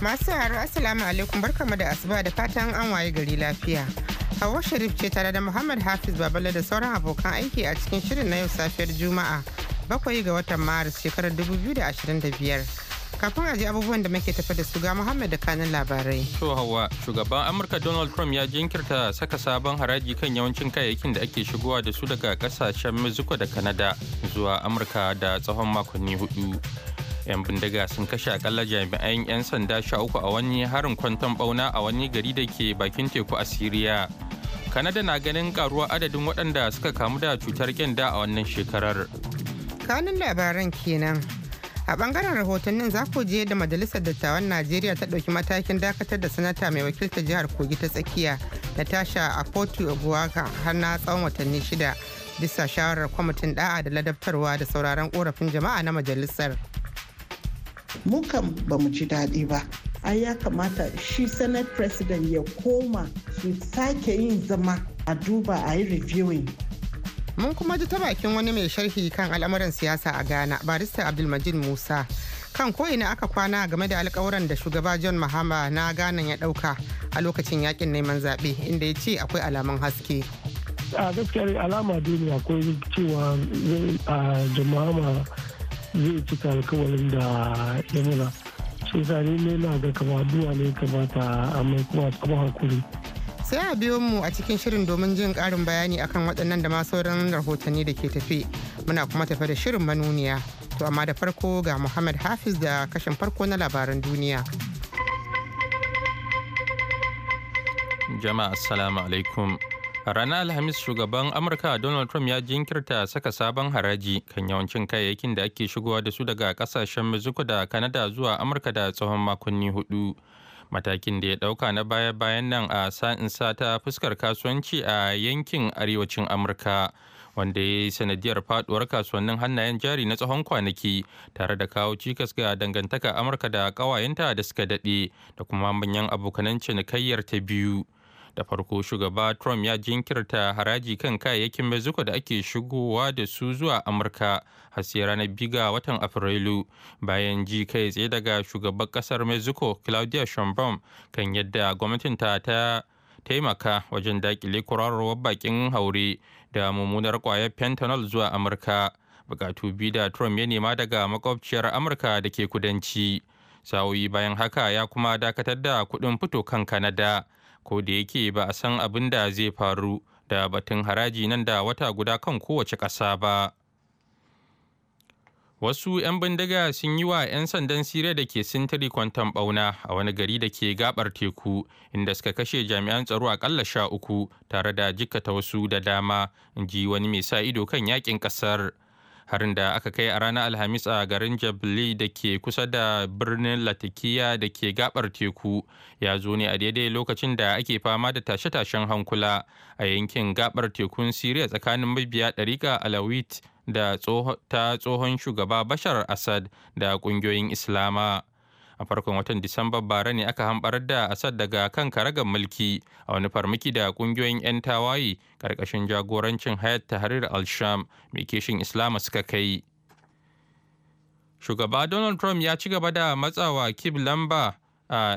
Masu haro Assalamu alaikum barkamu da asuba da fatan an waye gari lafiya. Hawa Sharif ce tare da Muhammad Hafiz Babala da sauran abokan aiki a cikin shirin na yau safiyar Juma'a bakwai ga watan Maris shekarar 2025. Kafin a ji abubuwan da muke tafa da su ga Muhammad da kanin labarai. To Hawa, shugaban Amurka Donald Trump ya jinkirta saka sabon haraji kan yawancin kayayyakin da ake shigowa da su daga kasashen Mexico da Canada zuwa Amurka da tsawon makonni hudu. 'yan bindiga sun kashe akalla jami'an 'yan sanda sha uku a wani harin kwanton bauna a wani gari da ke bakin teku a siriya kanada na ganin karuwa adadin waɗanda suka kamu da cutar kyanda a wannan shekarar kanun labaran kenan a bangaren rahotannin za ku je da majalisar dattawan najeriya ta ɗauki matakin dakatar da sanata mai wakiltar jihar kogi ta tsakiya natasha a obuaka har na tsawon watanni shida bisa shawarar kwamitin da'a da ladabtarwa da sauraron korafin jama'a na majalisar mu ba mu ci daɗi ba ai ya kamata shi senate president ya koma su sake yin zama a duba a yi reviewing mun kuma ji ta bakin wani mai sharhi kan al'amuran siyasa a ghana barista abdulmajid musa kan ko'ina aka kwana game da alkawuran da shugaba john mahama na ghana ya ɗauka a lokacin yakin neman zaɓe inda ya ce akwai alamun haske a gaskiya alama duniya akwai cewa a eh, jama'ama zai cika alkawarin da ya nuna shi ne na ga kama duwa ne kamata amma kuma kuma hakuri sai a biyo mu a cikin shirin domin jin karin bayani akan waɗannan da ma sauran rahotanni da ke tafi muna kuma tafe da shirin manuniya to amma da farko ga muhammad hafiz da kashin farko na labaran duniya jama'a assalamu alaikum ranar alhamis shugaban amurka donald trump ya jinkirta saka sabon haraji kan yawancin kayayyakin da ake shigowa da su daga kasashen mexico da canada zuwa amurka da tsohon makonni hudu matakin da ya dauka na baya-bayan nan a sa'insa ta fuskar kasuwanci a yankin arewacin amurka wanda ya yi sanadiyar faduwar kasuwannin hannayen jari na tsawon kwanaki tare da kawo cikas ga dangantaka amurka da kawayenta da suka dade da kuma manyan abokanan cinikayyar ta biyu da farko shugaba trump ya jinkirta haraji kan kayayyakin mexico da ake shigowa da su zuwa amurka har sai ranar biga watan afrilu bayan ji kai tsaye daga shugaban kasar mexico claudia sheinbaum kan yadda gwamnatin ta taimaka wajen dakile kurarowar bakin haure da mummunar kwayar fentanyl zuwa amurka bukatu biyu da trump ya nema daga makwabciyar amurka da ke kudanci sa'o'i bayan haka ya kuma dakatar da kuɗin fito kan kanada ko da yake ba a san abin da zai faru da batun haraji nan da wata guda kan kowace ƙasa ba. Wasu 'yan bindiga sun yi wa 'yan sandan Siriya da ke sintiri kwanton bauna a wani gari da ke gabar teku inda suka kashe jami'an tsaro ƙalla sha uku tare da jikkata wasu da dama, in ji wani mai sa ido kan yakin ƙasar. harin da aka kai a ranar alhamis a garin jabli da ke kusa da birnin latakiya da ke gabar teku ya zo ne a daidai lokacin da ake fama da tashe-tashen hankula a yankin gabar tekun siriya tsakanin mabiya dariƙa alawit da ta tsohon shugaba bashar asad da ƙungiyoyin islama a farkon watan disamba bara ne aka hambarar da asad daga kan karagar mulki a wani farmaki da kungiyoyin 'yan tawaye karkashin jagorancin hayat tahrir al-sham mai kishin islama suka kai shugaba donald trump ya ci gaba da matsawa kib lamba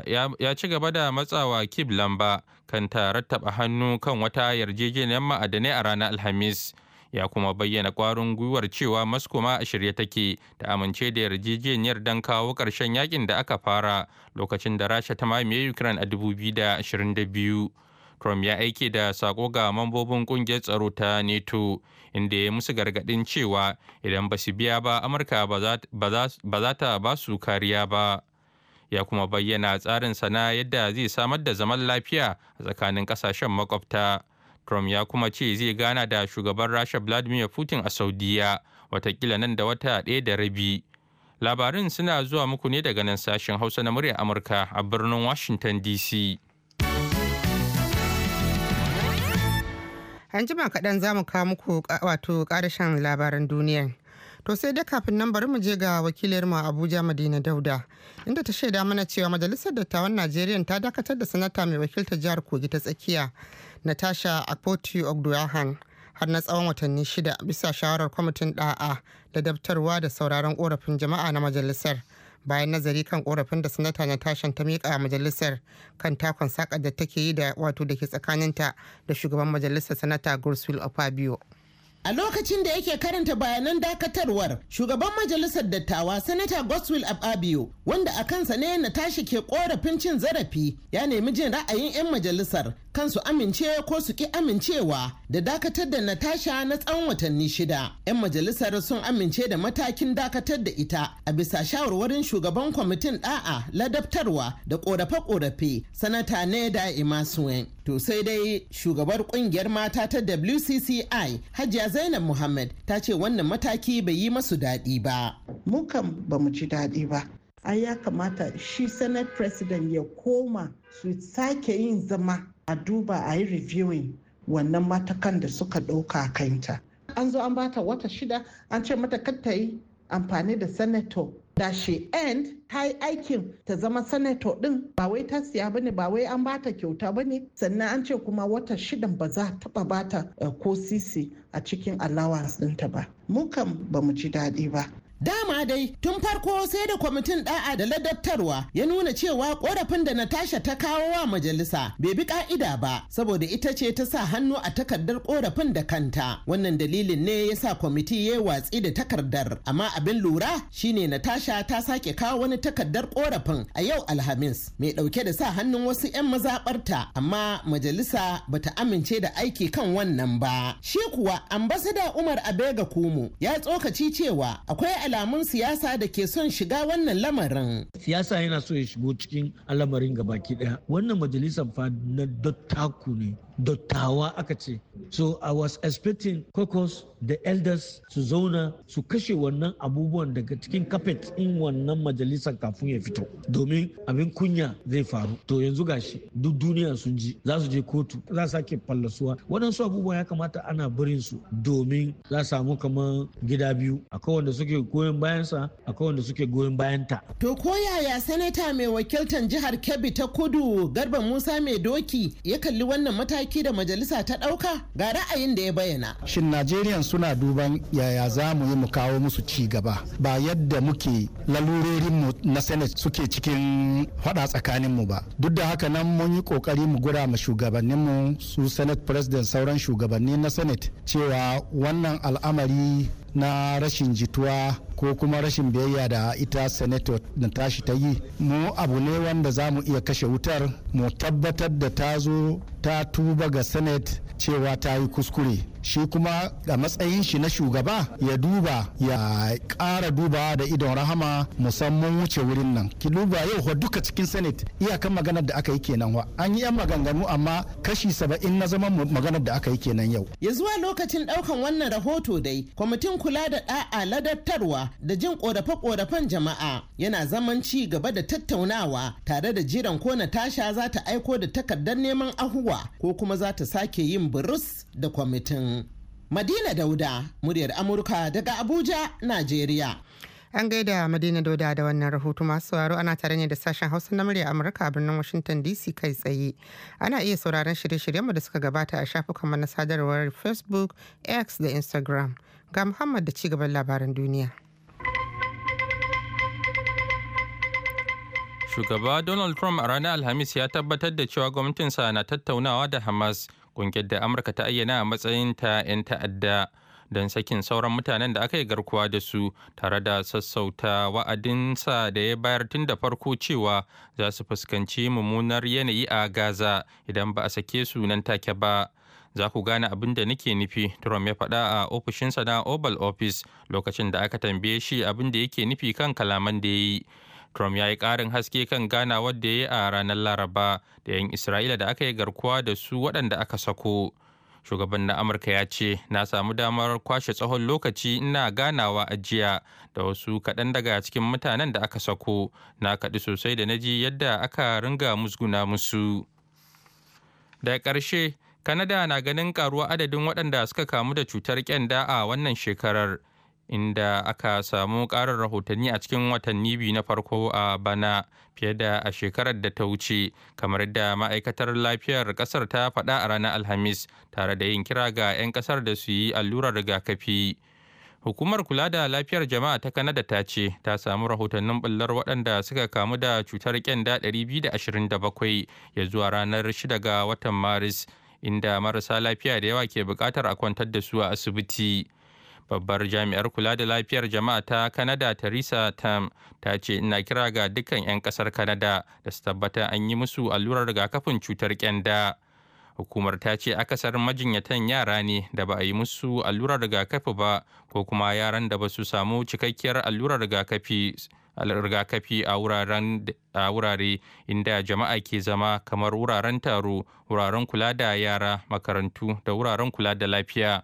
ya, ci gaba da matsawa kib lamba kan ta hannu kan wata yarjejeniyar ma'adanai a ranar alhamis ya kuma bayyana kwarin gwiwar cewa moscow ma a shirye take ta amince da yarjejeniyar don kawo ƙarshen yakin da aka fara lokacin da rasha ta mamaye ukraine a 2022 trump ya aike da sako ga mambobin ƙungiyar tsaro ta nato inda ya musu gargaɗin cewa idan ba su biya ba amurka ba za ta ba su kariya ba ya kuma bayyana tsarin sana yadda zai samar da zaman lafiya a tsakanin kasashen makwabta Trump ya kuma ce zai gana da shugaban Rasha Vladimir Putin a Saudiya watakila nan da wata ɗaya da rabi. Labarin suna zuwa muku ne daga nan sashen Hausa na muryar Amurka a birnin Washington DC. An jima kaɗan za mu kawo muku wato ƙarashen labaran duniyar. To sai dai kafin nan bari mu je ga wakilar mu Abuja Madina Dauda inda ta shaida mana cewa Majalisar Dattawan Najeriya ta dakatar da sanata mai wakiltar jihar Kogi ta tsakiya natasha akpoti ogduahan har na tsawon watanni shida bisa shawarar kwamitin da'a da dabtarwa da sauraron korafin jama'a na majalisar bayan nazari kan korafin da sanata na tashin ta miƙa majalisar kan takon saƙa da take yi da wato da ke tsakaninta da shugaban majalisar sanata gurswil opabio A lokacin da yake karanta bayanan dakatarwar, shugaban majalisar dattawa Sanata Goswell Ababio wanda a kansa ne na tashi ke korafin cin zarafi ya nemi jin ra'ayin 'yan majalisar kan su amince ko su ki amincewa da dakatar da natasha na tsawon watanni shida 'yan majalisar sun amince da matakin dakatar da ita a bisa shawarwarin shugaban kwamitin da'a ladabtarwa da korafe-korafe sanata ne da Suwen. to sai dai shugabar kungiyar mata ta wcci hajiya zainab muhammad ta ce wannan mataki bai yi masu daɗi ba mukan ba mu ji daɗi ba ai ya kamata shi senate president ya koma su sake yin zama a duba a yi reviewing wannan matakan da suka ɗauka kanta an zo an bata wata shida an ce mata ta yi amfani da senator da she end ta yi aikin ta zama senator din ba wai ta siya ba ne ba wai an bata kyauta ba ne sannan an ce kuma wata shidan ba za taba bata eh, ko sisi a cikin allowance dinta ba mu kan ba mu ji daɗi ba Dama dai tun farko sai da kwamitin da'a da ladabtarwa ya nuna cewa korafin da Natasha ta kawo wa majalisa bai bi ka'ida ba saboda ita ce ta sa hannu a takardar korafin da kanta. Wannan dalilin ne ya sa kwamiti ya watsi da takardar. Amma abin lura shine Natasha ta sake kawo wani takardar korafin a yau Alhamis mai dauke da sa hannun wasu 'yan mazabarta amma majalisa bata amince da aiki kan wannan ba. Shi kuwa ambasada Umar Abega Kumu ya tsokaci cewa akwai alamun siyasa da ke son shiga wannan lamarin. Siyasa yana so ya shigo cikin al'amarin gabaki daya. Wannan majalisar fa na dattaku ne dattawa aka ce so i was expecting caucus da elders su zauna su kashe wannan abubuwan daga cikin carpet in wannan majalisar kafin ya fito domin abin kunya zai faru to yanzu gashi duk duniya sun ji za su je kotu za su sake fallasuwa waɗansu abubuwa ya kamata ana barin su domin za su samu kamar gida biyu akwai wanda suke goyon bayansa akwai wanda suke goyon bayanta to ko yaya sanata mai wakiltan jihar kebbi ta kudu garba musa mai doki ya kalli wannan mataki aiki da majalisa ta ɗauka ga ra'ayin da ya bayyana. Shin Najeriyan suna duban yaya za mu yi mu kawo musu ci gaba ba yadda muke lalurorinmu na Senate suke cikin faɗa mu ba. Duk da haka nan mun yi ƙoƙari mu gura ma shugabanninmu su Senate President sauran shugabanni na Senate cewa wannan al'amari na rashin jituwa ko kuma rashin biyayya da ita senator na tashi ta yi mu abu ne wanda za mu iya kashe wutar mu tabbatar da ta zo ta tuba ga senate cewa ta yi kuskure shi kuma a matsayin shi na shugaba ya duba ya ƙara dubawa da idon rahama musamman wuce wurin nan ki duba yau wa duka cikin senate iyakan maganar da aka yi kenan wa an yi yan maganganu amma kashi saba'in na zaman maganar da aka yi kenan yau ya zuwa lokacin ɗaukan wannan rahoto dai kwamitin kula da ɗa'a ladattarwa da jin korafe-korafen jama'a yana zaman ci gaba da tattaunawa tare da jiran ko Natasha za ta aiko da takardar neman ahuwa ko kuma za ta sake yin burus da kwamitin. Madina Dauda, muryar Amurka daga Abuja, Najeriya. An gaida Madina Dauda da wannan rahoto masu sauraro ana tare ne da sashen Hausa na murya Amurka a birnin Washington DC kai tsaye. Ana iya sauraron shirye-shiryenmu da suka gabata a shafukanmu na sadarwar Facebook, X da Instagram. Ga Muhammad da cigaban labaran duniya. Shugaba Donald Trump a ranar Alhamis ya tabbatar da cewa gwamnatinsa na tattaunawa da Hamas ƙungiyar da Amurka ta ayyana a matsayin ta 'yan ta'adda don sakin sauran mutanen da aka yi garkuwa da su tare da sassauta wa'adinsa da ya bayar tun da farko cewa za su fuskanci mummunar yanayi a Gaza idan ba a sake su nan take ba. za ku gane abin da nake nufi trump ya faɗa a ofishinsa na oval office lokacin da aka tambaye shi abin da yake nufi kan kalaman da ya yi Trump ya yi ƙarin haske kan gana wadda ya yi a ranar Laraba da 'yan Isra'ila da aka yi garkuwa da su waɗanda aka sako. Shugaban na Amurka ya ce, Na samu damar kwashe tsawon lokaci ina ganawa a jiya da wasu kaɗan daga cikin mutanen da aka sako, na kaɗi sosai da na ji yadda aka ringa musguna musu. Da ƙarshe, Kanada na ganin ƙaruwa adadin waɗanda suka kamu da cutar ƙyanda a wannan shekarar. inda aka samu ƙarar rahotanni a cikin watanni biyu na farko a bana fiye da a shekarar da ta wuce kamar da ma'aikatar lafiyar ƙasar ta faɗa a ranar alhamis tare da yin kira ga 'yan ƙasar da su yi allurar rigakafi. Hukumar kula da lafiyar jama'a ta Kanada ta ce ta samu rahotannin bullar waɗanda suka kamu da cutar kyanda 227 ya zuwa ranar 6 ga watan Maris, inda marasa lafiya da yawa ke bukatar a kwantar da su a asibiti. babbar jami'ar kula da lafiyar jama'a ta kanada theresa tam ta ce ina kira ga dukkan 'yan kasar kanada da su tabbata an yi musu allurar rigakafin cutar kyanda hukumar ta ce akasar majinyatan yara ne da ba a yi musu allurar rigakafi ba ko kuma yaran da ba su samu cikakkiyar allurar rigakafi rigakafi a wurare inda jama'a ke zama kamar wuraren taro wuraren kula da yara makarantu da wuraren kula da lafiya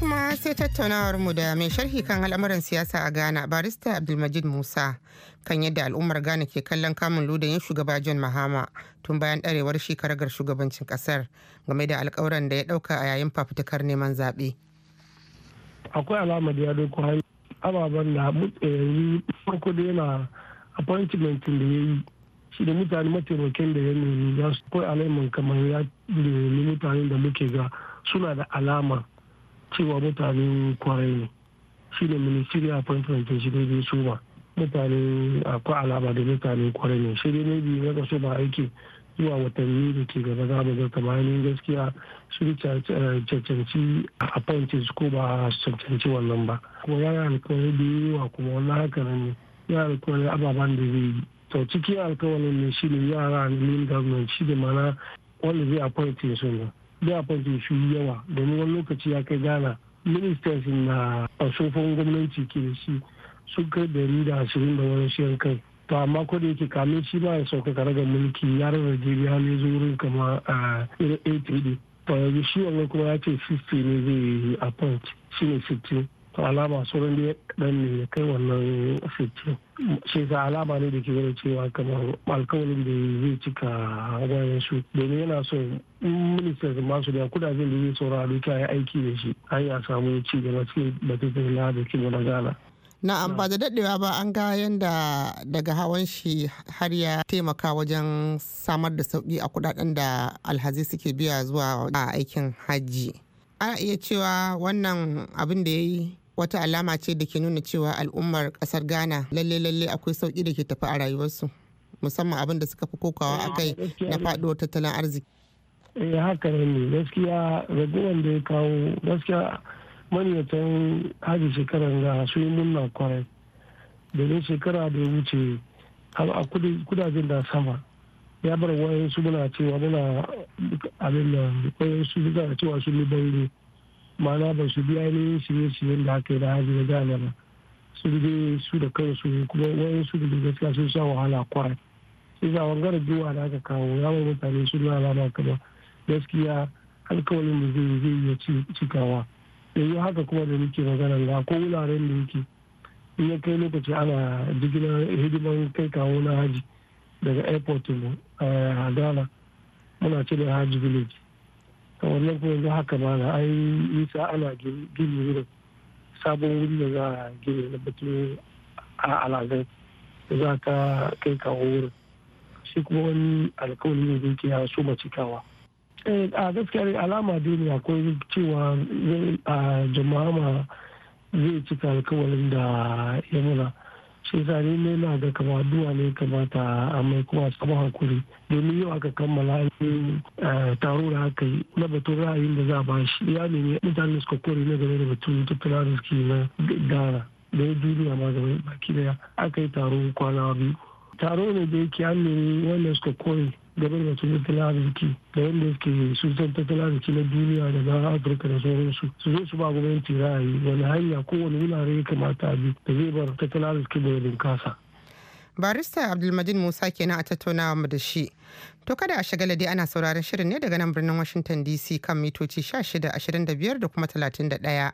kuma sai tattaunawar mu da mai sharhi kan al'amuran siyasa a Ghana barista Abdulmajid Musa kan yadda al'ummar Ghana ke kallon kamun ludayin shugaba John Mahama tun bayan ɗarewar shekaragar shugabancin kasar game da alkawuran da ya ɗauka a yayin fafutukar neman zaɓe. Akwai alamar ya doko hanyar ababen da yanzu farko da yana appointment da ya yi shi da mutane mataimakin da ya nemi za su kawai alamar kamar ya nemi mutane da muke ga suna da alama cewa mutanen kwarai ne shi ne ministerial appointment shi dai su ba mutane akwai alama da mutane kwarai ne shi ne biyu na kaso ba aiki zuwa watanni da ke gaba za mu ba kamar gaskiya sun eh, cancanci su ko ba a cancanci wannan ba kuma yana alkawarin da yawa kuma wannan haka ne yana alkawarin ababen da zai yi to cikin alkawarin ne shi ne yara min government shi da mana wanda zai appoint su ne da zai shi yawa domin wani lokaci ya kai ghana ministers na tsofin gwamnati ke da shi sun kai dari da ashirin da wani shi kai to amma ko da yake kame shi ba ya sauka karagar mulki ya rarra jirgin ne zo wurin kama eh, a irin a3d to yanzu shi wani kuma ya ce 60 ne zai appoint shi ne 60 to alama sauran da ya kaɗan ne ya kai wannan fice shi ga alama ne da ke gani cewa kamar alkawarin da zai cika wayan su domin yana so ministan da masu da kudaden da zai saura duka ya aiki da shi har ya samu ci gaba cikin batutun na da kiwo na gana. na'am ba da daɗewa ba an ga yadda daga hawan shi har ya taimaka wajen samar da sauƙi a kudaden da alhazi suke biya zuwa a aikin hajji ana iya cewa wannan abin da ya yi wata alama ce da ke nuna cewa al'ummar kasar ghana lalle lalle akwai sauki da ke tafi a rayuwarsu musamman abin da suka fi kokawa a kai na faduwar tattalin arziki eh haka ne gaskiya raguwan da ya kawo gaskiya maniyatan haji shekarar ga su yi murna kwarai ne shekara da ya wuce a kudajen da sama ya bar wayan su muna cewa muna abin da wayansu suna cewa su ne ma'ana ba su bi ainihin shirye-shiryen da aka yi da hajji da gane ba su rige su da kansu kuma wani su da gaskiya sun sha wahala kwarai sai za wangar duwa da aka kawo ya mai mutane sun na alama kama gaskiya alkawalin da zai zai iya cikawa yanzu haka kuma da muke magana ga ko wuraren da yake in ya kai lokaci ana jigilar hidiman kai kawo na haji daga airport mu eh, a hadala muna cire haji village wannan kuma yanzu haka ba na ai nisa ana gini wurin sabon wuri da za a gini na a alazai da za ka kai kawo wurin shi kuma wani alkawari ne zai ya so ma cikawa eh, a gaskiya ne alama dai ne akwai cewa a jama'a zai cika alkawarin da ya nuna shi sa ne na ga kama duwa ne kamata a mai kuma samu hakuri domin yau aka kammala eh, taro da aka yi na batun ra'ayin da za a bashi ya nemi mutane suka kore na gane da batun tattalin arziki na gara da ya duniya ma gaba baki daya aka yi taro kwana biyu taro ne da yake an nemi wanda suka kore game da batun tattalin arziki da yadda suke sun san tattalin arziki na duniya da na afirka da sauransu su zo su ba gwamnati ra'ayi wani hanya kowane wurare ya kamata a bi da zai bar tattalin arziki da yadda bunkasa. barista abdulmajid musa kenan a tattaunawa mu da shi to kada a shagala dai ana sauraron shirin ne daga nan birnin washington dc kan mitoci 16 25 da da kuma 31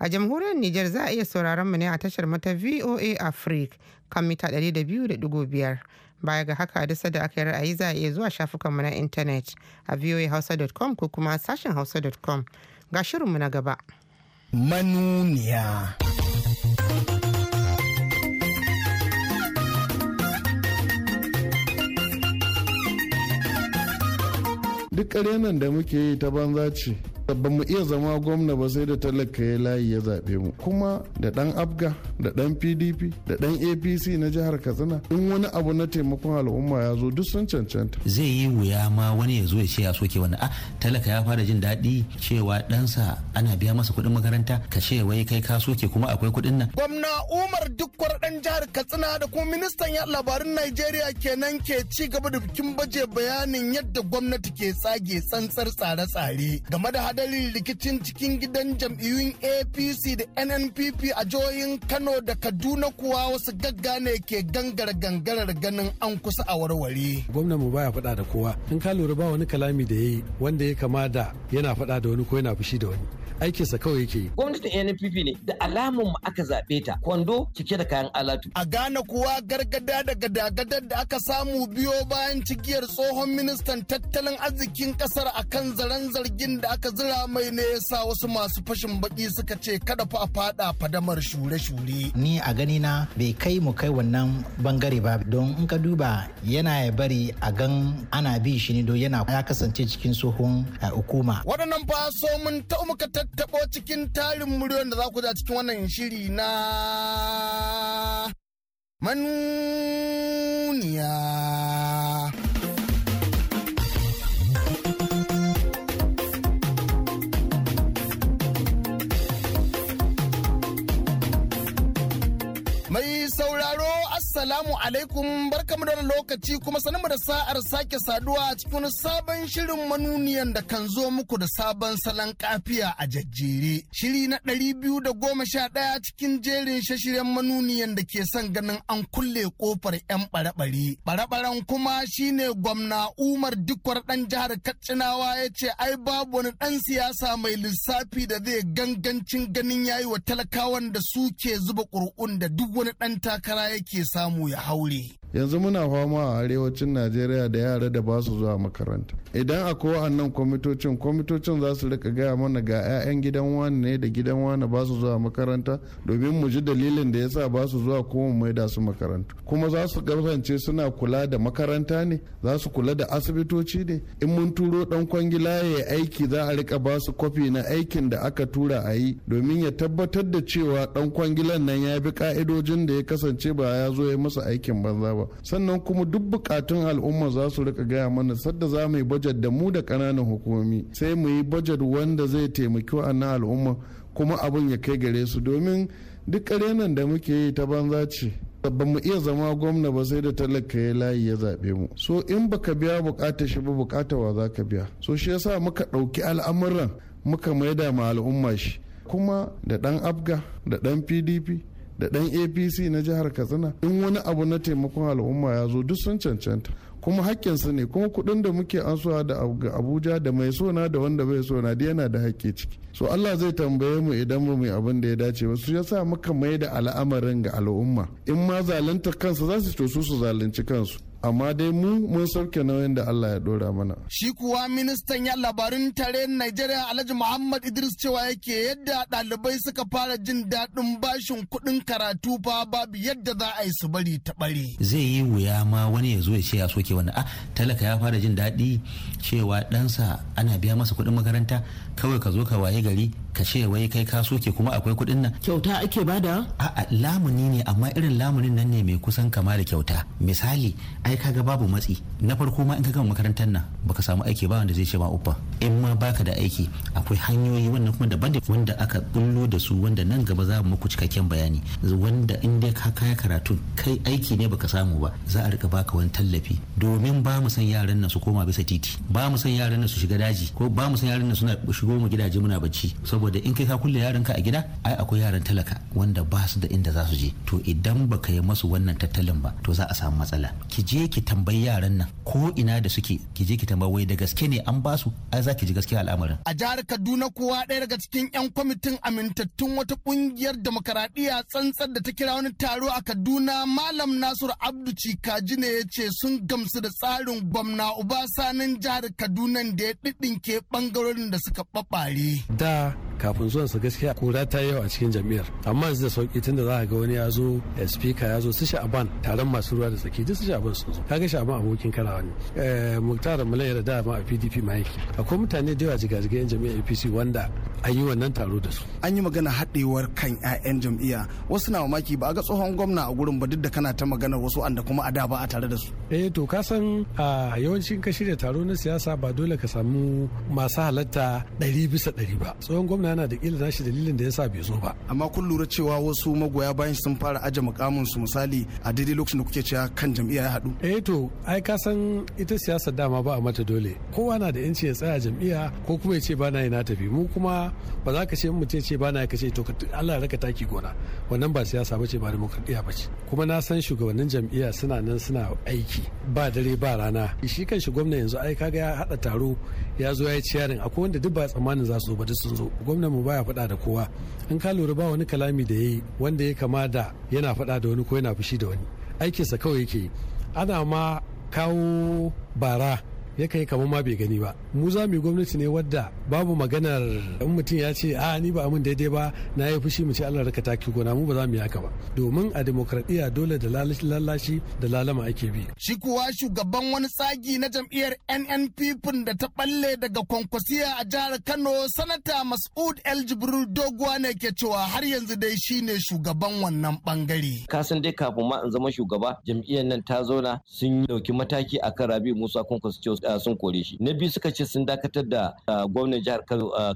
a jamhuriyar niger za a iya sauraron mu ne a tashar mata voa africa kan mita ɗari da 200.5 baya ga haka a duk da aka yi ra'ayi za a iya zuwa shafukanmu na intanet a voahausa.com ko kuma sashen hausa.com ga shirinmu na gaba manuniya duk ƙaryanan da muke yi ta banza ce ba mu iya zama gwamna ba sai da talaka ya layi ya zaɓe mu kuma da ɗan abga da ɗan pdp da ɗan apc na jihar katsina in wani abu na taimakon al'umma ya zo duk sun cancanta zai yi wuya ma wani ya zo ya ce ya soke wani a ah, talaka ya fara jin daɗi cewa ɗansa ana biya masa kuɗin makaranta ka ce wai kai ka soke kuma akwai kuɗin nan gwamna umar dukkwar ɗan jihar katsina da kuma ministan yaɗa labarin najeriya kenan ke ci gaba da bikin baje bayanin yadda gwamnati ke tsage tsantsar tsare-tsare game da dalilin rikicin cikin gidan jam'iyyun apc da nnpp a jihohin kano da kaduna kuwa wasu gagga ne ke gangara gangarar ganin an kusa a warware gwamnan mu baya faɗa da kowa in ka lura ba wani kalami da ya yi wanda ya kama da yana faɗa da wani ko yana fushi da wani aikinsa kawai yake gwamnatin NPP ne da alamun mu aka zabe ta kwando cike da kayan alatu a Ghana kuwa gargada daga dagadar da aka samu biyo bayan cigiyar tsohon ministan tattalin arzikin kasar akan zaren zargin da aka zira mai ne yasa wasu masu fashin baki suka ce kada fa a fada fadamar shure-shure ni a gani na bai kai mu kai wannan bangare ba don in ka duba yana ya bari a gan ana bi shi ne don yana ya kasance cikin tsohon eh, hukuma waɗannan fa so mun ta taɓo cikin tarin muryar da za ku za cikin wannan shiri na manuniya. alaikum barkamu da lokaci kuma sanin mu da sa'ar sake saduwa a cikin sabon shirin manuniyan da kan zo muku da sabon salon kafiya a jajjere. Shiri na ɗari biyu da goma sha ɗaya cikin jerin shashiren manuniyan da ke son ganin an kulle kofar 'yan ɓare-ɓare. Ɓare-ɓaren kuma shine gwamna Umar dukwar ɗan jihar Katsinawa ya ce ai babu wani ɗan siyasa mai lissafi da zai gangancin ganin yayi wa talakawan da suke zuba ƙuri'un da duk wani ɗan takara yake samu ya haure. yanzu muna fama a arewacin najeriya da yara da ba su zuwa makaranta idan akwai wa'annan kwamitocin kwamitocin za su rika gaya mana ga 'ya'yan gidan wani ne da gidan wani ba su zuwa makaranta domin mu ji dalilin da yasa ba su zuwa kuma mai da su makaranta kuma za su kasance suna kula da makaranta ne za su kula da asibitoci ne in mun turo dan kwangila ya aiki za a rika ba su kwafi na aikin da aka tura a yi domin ya tabbatar da cewa dan kwangilan nan ya bi ka'idojin da ya kasance ba ya zo ya masa aikin ba banza ba sannan kuma duk bukatun al'umma za su rika gaya mana sadda za mu yi bajet da mu da kananan hukumomi sai mu yi bajet wanda zai taimaki wa'annan al'umma kuma abin ya kai gare su domin duk karenan da muke yi ta banza ce ba mu iya zama gwamna ba sai da talaka ya layi ya zaɓe mu so in baka biya bukata shi ba bukata wa za ka biya so shi yasa muka ɗauki al'amuran muka maida ma al'umma shi kuma da ɗan abga da ɗan pdp da dan apc na jihar katsina in wani abu na taimakon al'umma ya zo duk sun cancanta kuma hakkin su ne kuma kuɗin da muke ansuwa da abuja da mai sona da wanda bai sona da yana da hakki ciki so allah zai tambaye mu idan mu mai abin da ya dace ba su ya sa muka mai da al'amarin ga al'umma in ma zalunta kansu za su to su zalunci kansu amma dai mu mun sauke nauyin da Allah ya dora mana. Shi kuwa ministan ya labarin tare Najeriya Alhaji Muhammad Idris cewa yake yadda ɗalibai suka fara jin daɗin bashin kuɗin karatu fa babu yadda za a yi su bari ta bari. Zai yi wuya ma wani ya zo ya ce ya soke wani a ah, talaka ya fara jin daɗi cewa ɗansa ana biya masa kuɗin makaranta kawai ka zo ka waye gari ka ce wai kai ka soke kuma akwai kuɗin nan kyauta ake bada a'a lamuni ne amma irin lamunin nan ne mai kusan kama da kyauta misali ai ga babu matsi na farko ma in ka gama makarantar nan baka samu aiki ba wanda zai ce ma uffa in ma baka da aiki akwai hanyoyi wannan kuma daban da wanda aka bullo da su wanda nan gaba za mu muku cikakken bayani wanda in dai ka kaya karatun kai aiki ne baka samu ba za a rika baka wani tallafi domin ba mu san yaran nan su koma bisa titi ba mu san yaran nan su shiga daji ko ba mu san yaran nan suna shigo goma gidaje muna bacci saboda in kai ka kulle yaran ka a gida ai akwai yaran talaka wanda ba su da inda za su je to idan baka yi masu wannan tattalin ba to za a samu matsala ki je ki tambayi yaran nan ko ina da suke ki je ki tambayi wai da gaske ne an ba su ai za ki ji gaskiya al'amarin a jihar Kaduna kowa ɗaya daga cikin yan kwamitin amintattun wata kungiyar demokaradiyya tsantsar da ta kira wani taro a Kaduna malam Nasiru Abdu Cikaji ne ya ce sun gamsu da tsarin gwamna uba sanin jihar Kaduna da ya ɗiɗinke ɓangarorin da suka ɓaɓɓare. Da kafin zuwan su gaskiya kura ta yawa a cikin jam'iyyar amma yanzu da sauki tun da za ga wani ya zo eh, speaker ya zo su sha'aban taron masu ruwa da tsaki duk su sha'aban sun zo kaga sha'aban abokin karawa ne eh, muktar mulayar da ma a pdp ma yake akwai mutane da yawa jigajiga yan jam'iyyar apc wanda an yi wannan taro da su an yi magana haɗewar kan 'ya'yan jam'iyya wasu na mamaki ba a ga tsohon gwamna a gurin ba duk da kana ta magana wasu anda kuma a da ba a tare da su eh to ka san a ah, yawancin ka shirya taro na siyasa ba dole ka samu masu halatta ɗaya ɗari bisa ɗari ba tsohon gwamna yana da ƙila nashi dalilin da ya sa bai zo ba amma kun lura cewa wasu magoya bayan sun fara aje mukamin su misali a daidai lokacin da kuke cewa kan jam'iyya ya haɗu eh to ai ka san ita siyasa dama ba a mata dole kowa na da yanci ya tsaya jam'iyya ko kuma ya ce ba na yi na tafi mu kuma ba za ka ce mu ce ba na ka ce to Allah ya raka taki gona wannan ba siyasa ba ce ba demokradiyya ba ce kuma na san shugabannin jam'iyya suna nan suna aiki ba dare ba rana shi kan shi gwamna yanzu ai kaga ya haɗa taro ya zo ya yi ciyarin akwai wanda duk ba tsammanin za su zo ba duk sun zo gwamnan mu baya faɗa da kowa in ka lura ba wani kalami da yayi wanda ya kama da yana faɗa da wani ko yana fushi da wani aikinsa kawai yake ana ma kawo bara yakan yi kamar ma bai gani ba mu za mu gwamnati ne wadda babu maganar in mutum ya ce a ni ba amin daidai ba na yi fushi mu ce Allah raka taki gona mu ba za mu yi haka ba domin a demokradiyya dole da lalashi da lalama ake bi shi kuwa shugaban wani tsagi na jam'iyyar NNPP da ta balle daga kwankwasiya a jihar Kano sanata Mas'ud El Jibril Doguwa ne ke cewa har yanzu dai shi ne shugaban wannan bangare ka san dai kafin ma in zama shugaba jam'iyyar nan ta zauna sun dauki mataki akan Rabi Musa Kwankwaso sun kore shi na biyu suka ce sun dakatar da gwamnan jihar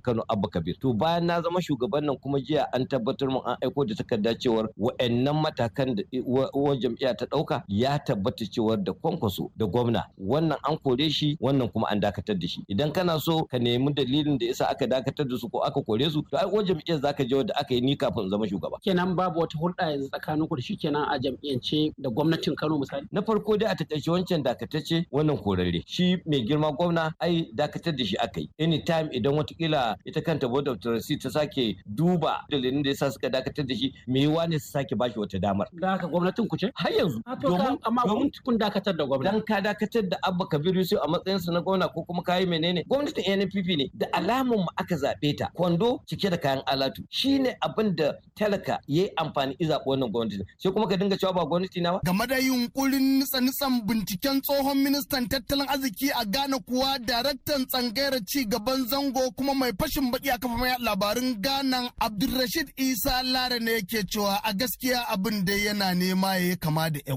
Kano Abba Kabir to bayan na zama shugaban nan kuma jiya an tabbatar mun an aiko da takarda cewar wa'annan matakan da uwar jam'iyya ta dauka ya tabbata cewar da kwankwaso da gwamna wannan an kore shi wannan kuma an dakatar da shi idan kana so ka nemi dalilin da yasa aka dakatar da su ko aka kore su to ai uwar jam'iyyar zaka je wanda aka yi ni kafin zama shugaba kenan babu wata hulɗa yanzu tsakanin ku da shi kenan a jam'iyyance da gwamnatin Kano misali na farko dai a takaice wancan dakatacce wannan korare shi mai girma gwamna ai dakatar da shi aka yi anytime idan watakila ita kanta board of trustees ta sake duba dalilin da yasa suka dakatar da shi me yawa ne su sake bashi wata damar da haka gwamnatin ku ce har yanzu domin amma kun dakatar da gwamna dan ka dakatar da abba kabiru yusuf a matsayin sa na gwamna ko kuma kai menene gwamnatin NPP ne da alamun mu aka zabe ta kwando cike da kayan alatu shine abin da talaka yayi amfani iza wannan gwamnati sai kuma ka dinga cewa ba gwamnati na ba game da yunkurin nitsa-nitsan binciken tsohon ministan tattalin arziki arziki a Ghana kuwa daraktan tsangayar ci gaban zango kuma mai fashin baki a kafa labarin Ghana Abdulrashid Isa Lara ne yake cewa a gaskiya abin da yana nema ya kama da ya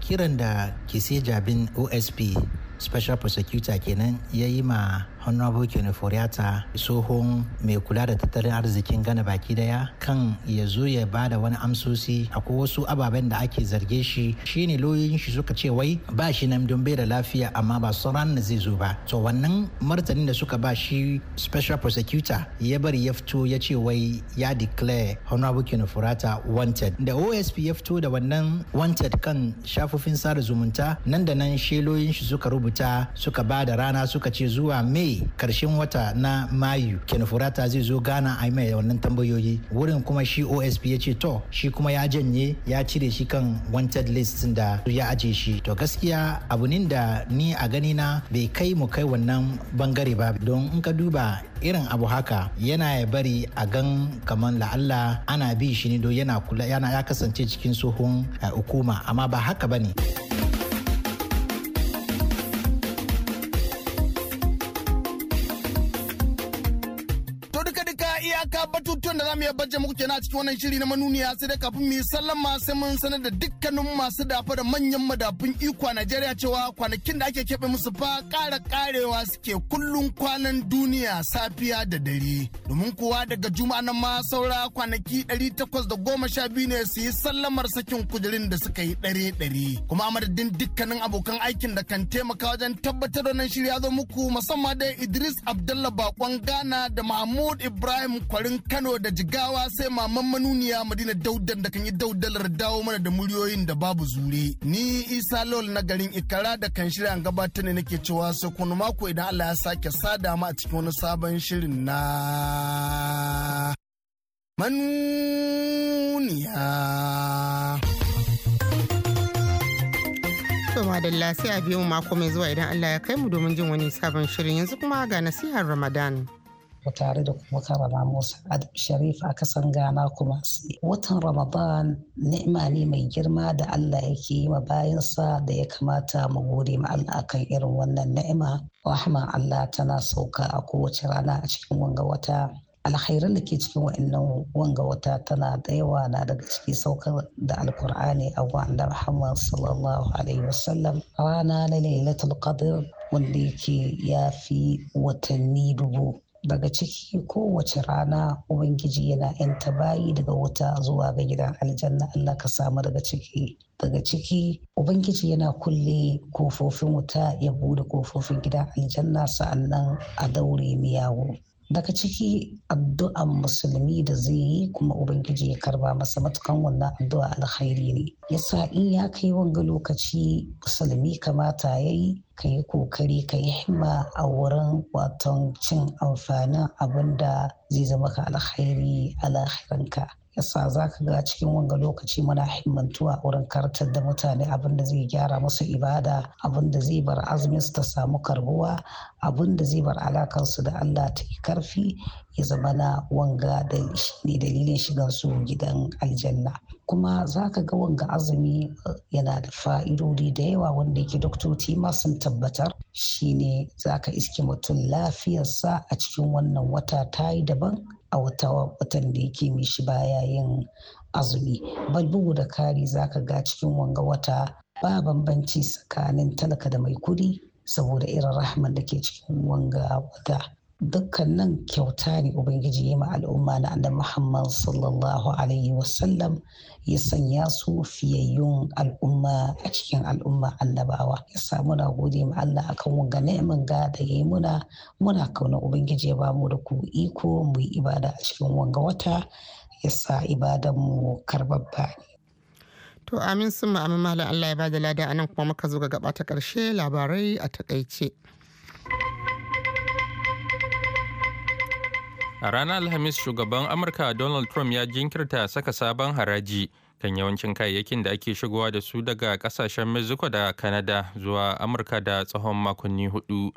Kiran da Kise Jabin OSP Special Prosecutor kenan ya yi ma Hannu abokin keniforiata tsohon mai kula da tattalin arzikin gana baki daya kan ya zo ya ba da wani amsosi akwai wasu ababen da ake zarge shi shine loyoyin shi suka ce wai ba shi nan don da lafiya amma ba sauran na zai zo ba to wannan martanin da suka ba shi special prosecutor ya bari ya fito ya ce wai ya declare hannu abokin keniforiata wanted da osp ya fito da wannan wanted kan shafofin sada zumunta nan da nan shi loyoyin shi suka rubuta suka ba da rana suka ce zuwa mai karshen wata na mayu ken furata zai zo gana a mai wannan tambayoyi wurin kuma shi osp ya ce to shi kuma ya janye ya cire shi kan wanted list da ya aje shi to gaskiya abu ne da ni a gani na bai kai mu kai wannan bangare ba don in ka duba irin abu haka yana ya bari a gan kamar la'alla ana bi shi ne don yana kula yana ya kasance cikin tsohon eh, hukuma amma ba haka ba ne. കൊടുക്കെടുക്ക iyaka batutuwan da zamu mu iya muku kenan a cikin wannan shiri na manuniya sai dai kafin mu yi sallama sai mun sanar da dukkanin masu dafa da manyan madafun iko a Najeriya cewa kwanakin da ake keɓe musu fa ƙara ƙarewa suke kullun kwanan duniya safiya da dare. Domin kuwa daga juma'a nan ma saura kwanaki ɗari takwas da goma sha biyu ne su yi sallamar sakin kujerin da suka yi ɗare ɗare. Kuma madadin dukkanin abokan aikin da kan taimaka wajen tabbatar da wannan shiri ya zo muku musamman da Idris Abdullah Bakon Ghana da Mahmud Ibrahim mu kwarin Kano da Jigawa sai maman manuniya Madina Daudan da kan yi daudalar dawo mana da muryoyin da babu zure. Ni Isa Lol na garin Ikara da kan shirya gabatar ne nake cewa sai kuma mako idan Allah ya sake sada mu a cikin wani sabon shirin na manuniya. barkama sai a biyu mako mai zuwa idan Allah ya kai mu domin jin wani sabon shirin yanzu kuma ga nasihar Ramadan. tare da kuma karama musa adam sharif a kasan ghana kuma watan ramadan ni'ima ne mai girma da allah yake yi ma bayansa da ya kamata mu gode ma allah irin wannan ni'ima rahman allah tana sauka a kowace rana a cikin wanga wata alkhairan da ke cikin wa'annan wanga wata tana da yawa na daga ciki saukar da alkur'ani a wa'anda muhammad sallallahu alaihi wasallam rana na lailatul qadr wanda yake ya fi watanni dubu daga ciki kowace rana ubangiji yana yanta bayi daga wuta zuwa ga gidan aljanna allah ka samu daga ciki daga ciki ubangiji yana kulle kofofin wuta ya bude kofofin gidan aljanna sa'annan a daure miyawu daga ciki addu'an musulmi da zai yi kuma ubangiji ya karba masa matukan wannan addu'a alkhairi ne yasa in ya kai wanga lokaci musulmi kamata ya yi ka yi kokari ka yi himma a wurin waton cin amfanin abin da zai zama ka alkhairi a lahiranka yasa za ka ga cikin wanga lokaci muna himmantuwa wurin karatar da mutane abin da zai gyara musu ibada abin da zai bar azumin su ta samu karbuwa abin da zai bar alakansu da allah ta yi karfi ya zama na wanga da ne dalilin shigan su gidan aljanna kuma za ka ga wanga azumi eh, yana da fa'idodi da yawa wanda yake doktoci ma sun tabbatar shine za ka iske mutum sa a cikin wannan wata ta yi daban a watan da yake mishi shi baya yin azumi bugu da kari zaka ga cikin wanga wata ba bambanci tsakanin talaka da mai kudi saboda irin rahman da ke cikin wanga wata dukkanin kyauta ne ubangiji ya ma al'umma na annabi muhammad sallallahu alaihi wasallam ya sanya su fiyayyun al'umma a cikin al'umma annabawa ya sa muna gode ma allah akan wanga neman ga da ya yi muna muna kauna ubangiji ya ba mu da ku iko mu yi ibada a cikin wanga wata ya sa ibadan mu karbabba ne to amin sun ma'amin malam allah ya ba da lada anan kuma muka zo ga gaba ta karshe labarai a takaice A ranar Alhamis shugaban Amurka Donald Trump ya jinkirta saka sabon haraji kan yawancin kayayyakin da ake shigowa da su daga kasashen mexico da canada zuwa amurka da tsawon makonni hudu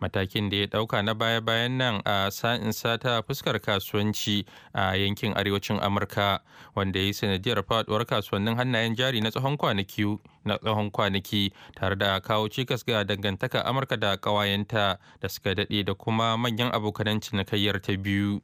matakin da ya dauka na baya-bayan nan a sa'insa sata fuskar kasuwanci a yankin arewacin amurka wanda ya yi sanadiyar faduwar kasuwannin hannayen jari na tsawon kwanaki na tsawon kwanaki tare da kawo cikas ga dangantaka amurka da kawayenta da suka dade da kuma manyan abokanan cinikayyar ta biyu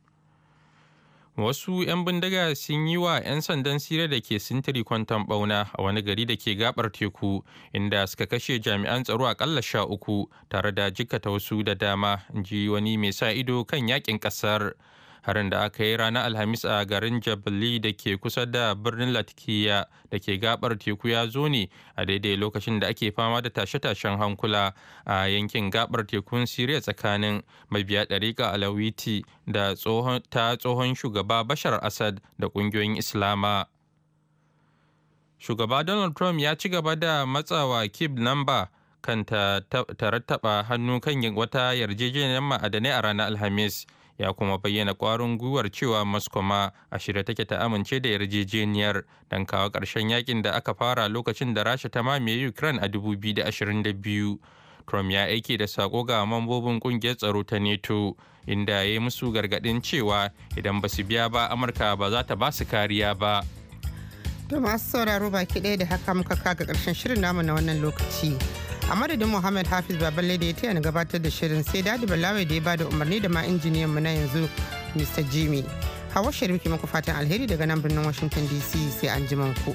Wasu 'yan bindiga sun yi wa 'yan sandan Siriya da ke sintiri kwanton bauna a wani gari da ke gabar teku inda suka kashe jami'an tsaro a akalla sha uku tare da jikata wasu da dama, ji wani mai sa ido kan yakin kasar. harin da aka yi ranar alhamis a garin jabali da ke kusa da birnin latkiya da ke gabar teku ya zo ne a daidai lokacin da ake fama da tashe-tashen hankula a yankin gabar tekun siriya tsakanin mabiya dariƙa alawiti da ta tsohon shugaba bashar asad da ƙungiyoyin islama shugaba donald trump ya ci gaba da matsawa kib lamba kan ta rattaba hannu kan wata yarjejeniyar ma'adanai a ranar alhamis ya kuma bayyana kwarin gwiwar cewa maskoma a shirya take ta amince da yarjejeniyar don kawo ƙarshen yakin da aka fara lokacin da rasha ta mamaye ukraine a 2022 trump ya aike da sako ga mambobin kungiyar tsaro ta neto inda ya yi musu gargaɗin cewa idan ba su biya ba amurka ba za ta ba su kariya ba to masu sauraro baki ɗaya da haka muka kaga ƙarshen shirin namu na wannan lokaci a madadin muhammad hafiz baballe da ya taya ni gabatar da shirin sai dadi balawai da ya bada umarni da ma injiniyan mu na yanzu mr jimmy hawa ke muku fatan alheri daga nan birnin washington dc sai an jima ku.